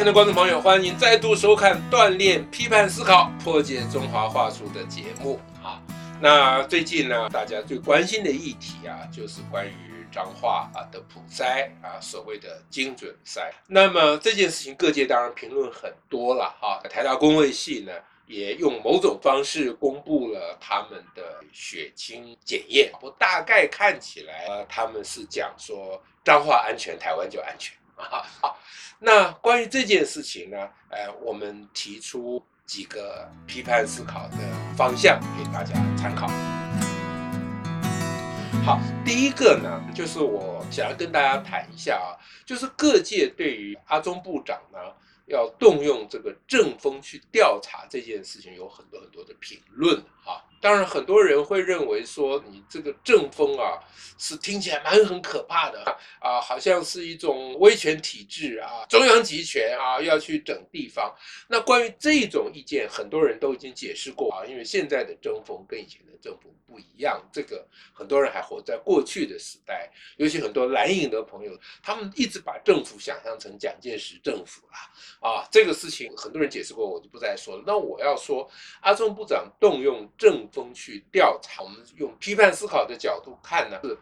親愛的觀眾朋友，歡迎您再度收看鍛鍊批判思考、破解中華話術的節目啊！那最近呢、啊，大家最關心的議題啊，就是關於彰化啊的普篩啊，所謂的精準篩。那麼這件事情，各界當然評論很多了哈、啊。台大公衛系呢，也用某種方式公布了他們的血清檢驗，不，大概看起來他們是講說彰化安全，台灣就安全。好，好，那關於這件事情呢，呃，我們提出幾個批判思考的方向給大家參考。好，第一個呢，就是我想要跟大家談一下啊，就是各界對於阿中部長呢要動用這個政風去調查這件事情，有很多很多的評論哈。好當然，很多人會認為說，你這個政風啊，是聽起來蠻很可怕的啊，好像是一種威權體制啊，中央集權啊，要去整地方。那關於這種意見，很多人都已經解釋過啊，因為現在的政風跟以前的政風不一樣。這個很多人還活在過去的時代，尤其很多藍營的朋友，他們一直把政府想象成蔣介石政府了啊，啊。這個事情很多人解釋過，我就不再說了。那我要說，阿中部長動用政風去調查，我們用批判思考的角度看呢，是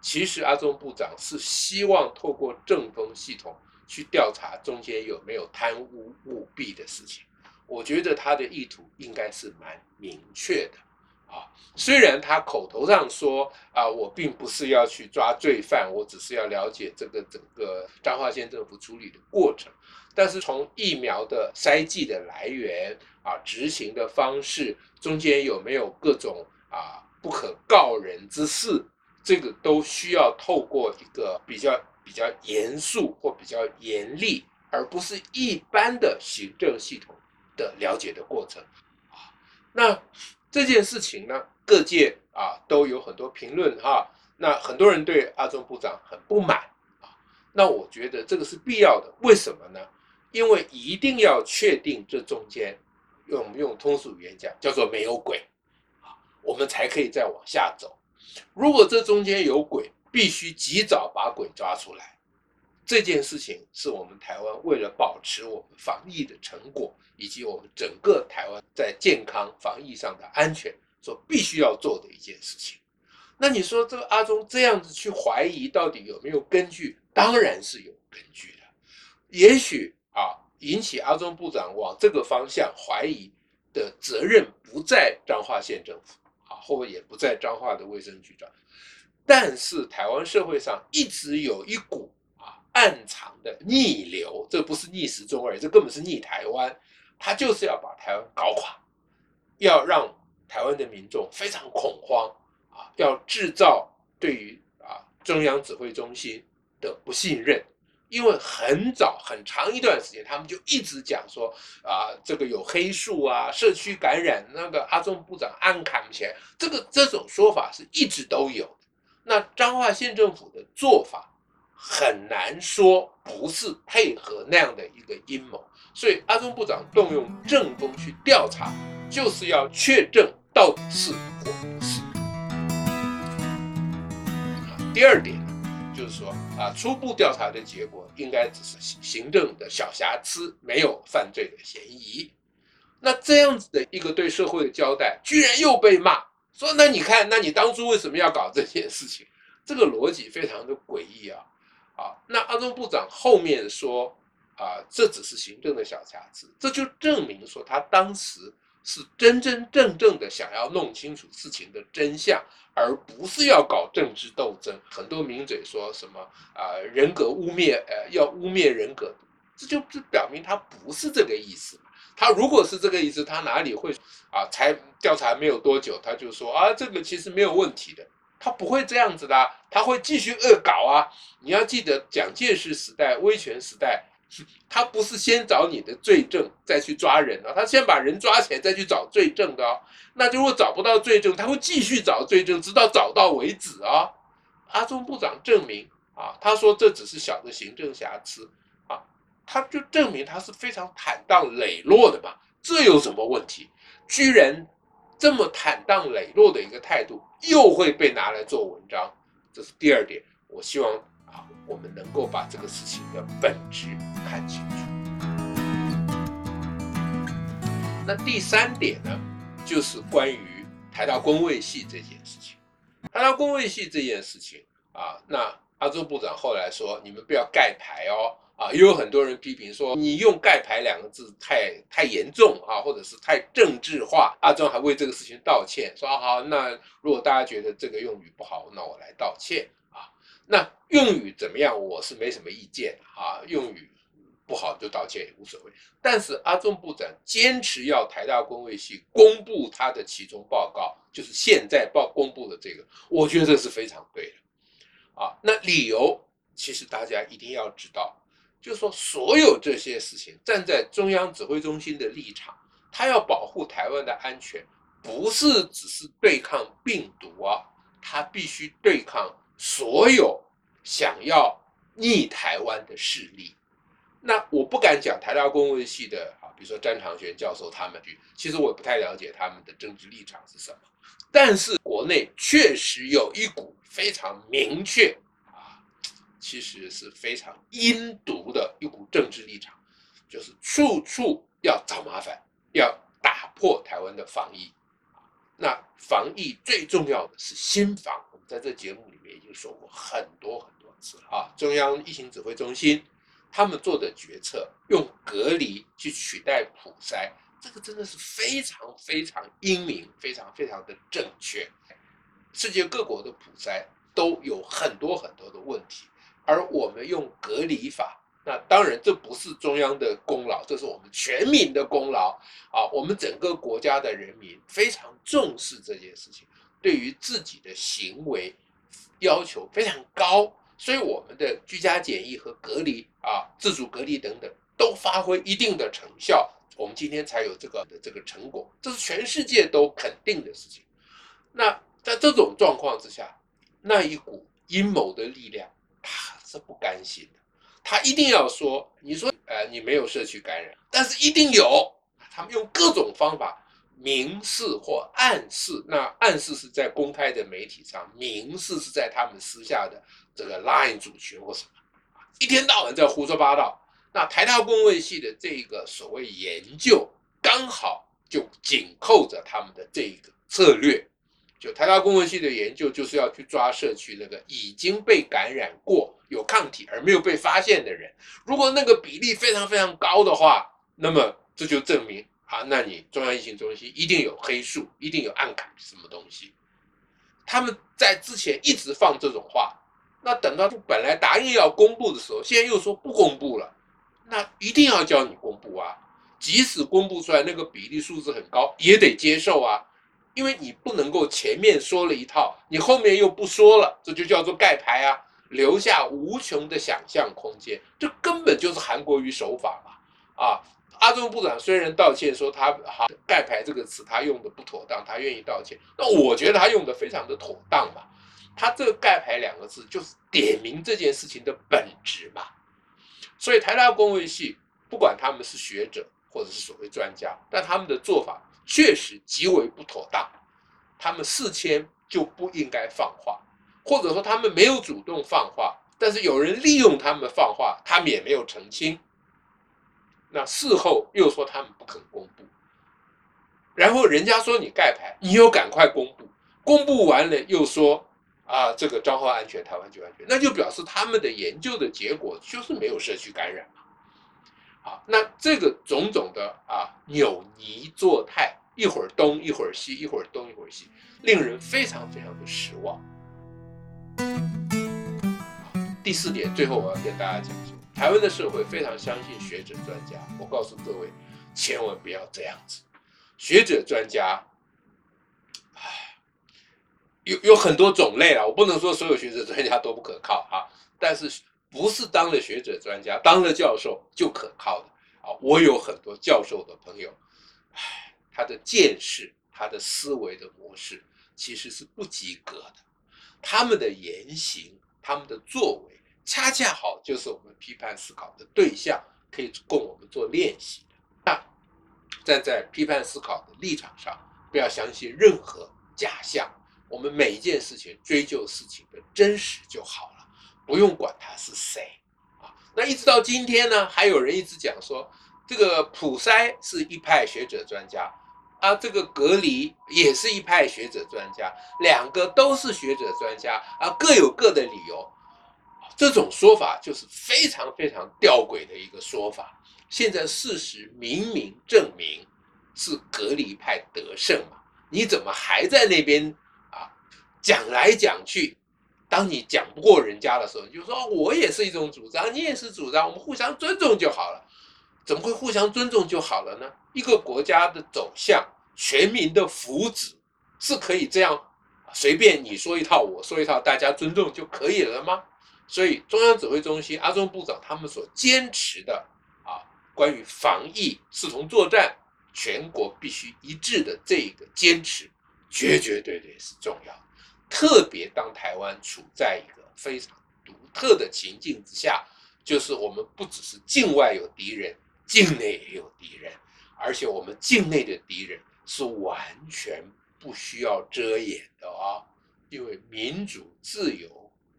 其實阿中部長是希望透過政風系統，去調查中間有沒有貪污舞弊的事情，我覺得他的意圖應該是蠻明確的。啊，雖然他口頭上說啊，我並不是要去抓罪犯，我只是要了解這個整個彰化縣政府處理的過程。但是從疫苗的篩劑的來源啊，執行的方式，中間有沒有各種啊不可告人之事，這個都需要透過一個比較比較嚴肅或比較嚴厲，而不是一般的行政系統的了解的過程啊。那。這件事情呢，各界啊都有很多評論哈、啊。那很多人對阿中部長很不滿啊。那我覺得這個是必要的，為什麼呢？因為一定要確定這中間，用用通俗語言講叫做沒有鬼啊，我們才可以再往下走。如果這中間有鬼，必須及早把鬼抓出來。這件事情是我們台灣為了保持我們防疫的成果，以及我們整個台灣在健康防疫上的安全，所必須要做的一件事情。那你說這個阿中這樣子去懷疑，到底有沒有根據？當然是有根據的。也許啊，引起阿中部長往這個方向懷疑的責任不在彰化縣政府啊，或者也不在彰化的衛生局長。但是台灣社會上一直有一股暗藏的逆流，這不是逆時中而已，這根本是逆台灣，他就是要把台灣搞垮，要讓台灣的民眾非常恐慌啊，要製造對於啊中央指揮中心的不信任，因為很早很長一段時間，他們就一直講說啊這個有黑數啊，社區感染那個阿中部長暗崁錢，這個這種說法是一直都有的。那彰化縣政府的做法。很難說不是配合那樣的一個陰謀，所以阿中部長動用政風去調查，就是要確證到底是或不是。第二點就是說啊，初步調查的結果應該只是行政的小瑕疵，沒有犯罪的嫌疑。那這樣子的一個對社會的交代，居然又被罵，說那你看，那你當初為什麼要搞這件事情？這個邏輯非常的詭異啊。啊，那阿中部長後面說，啊、呃，這只是行政的小瑕疵，這就證明說他當時是真真正正的想要弄清楚事情的真相，而不是要搞政治鬥爭。很多名嘴說什麼啊、呃，人格污衊，呃，要污衊人格，這就是表明他不是這個意思。他如果是這個意思，他哪裡會啊？才調查沒有多久，他就說啊，這個其實沒有問題的。他不會這樣子的，他會繼續惡搞啊！你要記得，蔣介石時代、威權時代，他不是先找你的罪證再去抓人啊，他先把人抓起來再去找罪證的哦。那如果找不到罪證，他會繼續找罪證，直到找到為止啊哦！阿中部長證明啊，他說這只是小的行政瑕疵啊，他就證明他是非常坦蕩磊落的嘛，這有什麼問題？居然。這麼坦蕩磊落的一個態度，又會被拿來做文章，這是第二點。我希望啊，我們能夠把這個事情的本質看清楚。那第三點呢，就是關於台大公衛系這件事情。台大公衛系這件事情啊，那阿中部長後來說，你們不要蓋牌哦。啊，也有很多人批評說，你用“蓋牌”兩個字太太嚴重啊，或者是太政治化。阿中還為這個事情道歉，說、啊、好，那如果大家覺得這個用語不好，那我來道歉啊。那用語怎麼樣，我是沒什麼意見啊。用語不好就道歉也無所謂。但是阿中部長堅持要台大公衛系公布他的期中報告，就是現在報公布的這個，我覺得這是非常對的啊。那理由其實大家一定要知道。就說所有這些事情，站在中央指揮中心的立場，他要保護台灣的安全，不是只是對抗病毒啊，他必須對抗所有想要逆台灣的勢力。那我不敢講台大公衛系的啊，比如說詹長權教授他們去，其實我不太了解他們的政治立場是什麼，但是國內確實有一股非常明確。其實是非常陰毒的一股政治立場，就是處處要找麻煩，要打破台灣的防疫。那防疫最重要的是心防，我們在這節目裡面已經說過很多很多次了啊。中央疫情指揮中心他們做的決策，用隔離去取代普篩，這個真的是非常非常英明，非常非常的正確。世界各國的普篩都有很多很多的問題。而我們用隔離法，那當然這不是中央的功勞，這是我們全民的功勞啊！我們整個國家的人民非常重視這件事情，對於自己的行為要求非常高，所以我們的居家檢疫和隔離啊，自主隔離等等都發揮一定的成效，我們今天才有這個這個成果，這是全世界都肯定的事情。那在這種狀況之下，那一股陰謀的力量。是不甘心的，他一定要說，你說，呃，你沒有社區感染，但是一定有。他們用各種方法明示或暗示，那暗示是在公開的媒體上，明示是在他們私下的這個 Line 組群或什麼，一天到晚在胡說八道。那台大公衛系的這個所謂研究，剛好就緊扣着他們的這一個策略。就台大公衛系的研究，就是要去抓社區那個已經被感染過、有抗體而沒有被發現的人。如果那個比例非常非常高的話，那麼這就證明啊，那你中央疫情中心一定有黑數，一定有暗卡什麼東西。他們在之前一直放這種話，那等到本來答應要公布的時候，現在又說不公布了，那一定要叫你公布啊！即使公布出來那個比例數字很高，也得接受啊。因為你不能夠前面說了一套，你後面又不說了，這就叫做蓋牌啊，留下無窮的想象空間，這根本就是韓國瑜手法嘛！啊，阿中部長雖然道歉說他好、啊、蓋牌這個詞他用的不妥當，他願意道歉，那我覺得他用的非常的妥當嘛，他這個蓋牌兩個字就是點明這件事情的本質嘛，所以台大公衛系不管他們是學者或者是所謂專家，但他們的做法確實極為不妥當。他們事前就不應該放話，或者說他們沒有主動放話，但是有人利用他們放話，他們也沒有澄清。那事後又說他們不肯公布，然後人家說你蓋牌，你又趕快公布，公布完了又說啊這個彰化安全，台灣就安全，那就表示他們的研究的結果就是沒有社區感染嘛。好，那這個種種的啊扭捏作態。一會兒東一會兒西，一會兒東一會兒西，令人非常非常的失望。第四點，最後我要跟大家講，台灣的社會非常相信學者專家。我告訴各位，千萬不要這樣子。學者專家，唉，有有很多種類啊。我不能說所有學者專家都不可靠啊，但是不是當了學者專家、當了教授就可靠的啊？我有很多教授的朋友，唉。他的見識，他的思維的模式其實是不及格的。他們的言行，他們的作為，恰恰好就是我們批判思考的對象，可以供我們做練習的。那站在批判思考的立場上，不要相信任何假象，我們每一件事情追究事情的真實就好了，不用管他是誰啊。那一直到今天呢，還有人一直講說，這個普篩是一派學者專家。啊，這個隔離也是一派學者專家，兩個都是學者專家啊，各有各的理由，這種說法就是非常非常吊詭的一個說法。現在事實明明證明是隔離派得勝嘛，你怎麼還在那邊啊講來講去？當你講不過人家的時候，你就說我也是一種主張，你也是主張，我們互相尊重就好了。怎麼會互相尊重就好了呢？一個國家的走向，全民的福祉，是可以這樣隨便你說一套，我說一套，大家尊重就可以了嗎？所以，中央指揮中心阿中部長他們所堅持的啊，關於防疫、視同作戰、全國必須一致的這一個堅持，絕絕對對是重要。特別當台灣處在一個非常獨特的情境之下，就是我們不只是境外有敵人。境內也有敵人，而且我們境內的敵人是完全不需要遮掩的啊，因為民主自由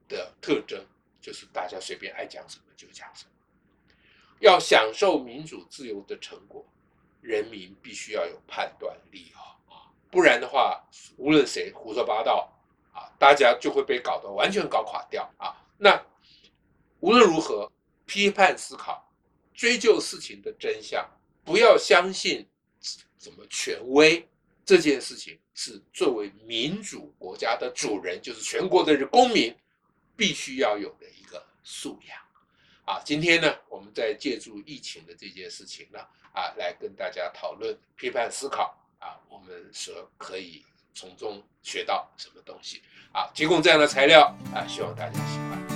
的特徵就是大家隨便愛講什麼就講什麼。要享受民主自由的成果，人民必須要有判斷力哦，不然的話，無論誰胡說八道啊，大家就會被搞得完全搞垮掉啊！那無論如何，批判思考。追究事情的真相，不要相信什麼權威。這件事情是作為民主國家的主人，就是全國的公民，必須要有的一個素養。啊，今天呢，我們在借助疫情的這件事情呢，啊，來跟大家討論、批判思考。啊，我們說可以從中學到什麼東西？啊，提供這樣的材料啊，希望大家喜歡。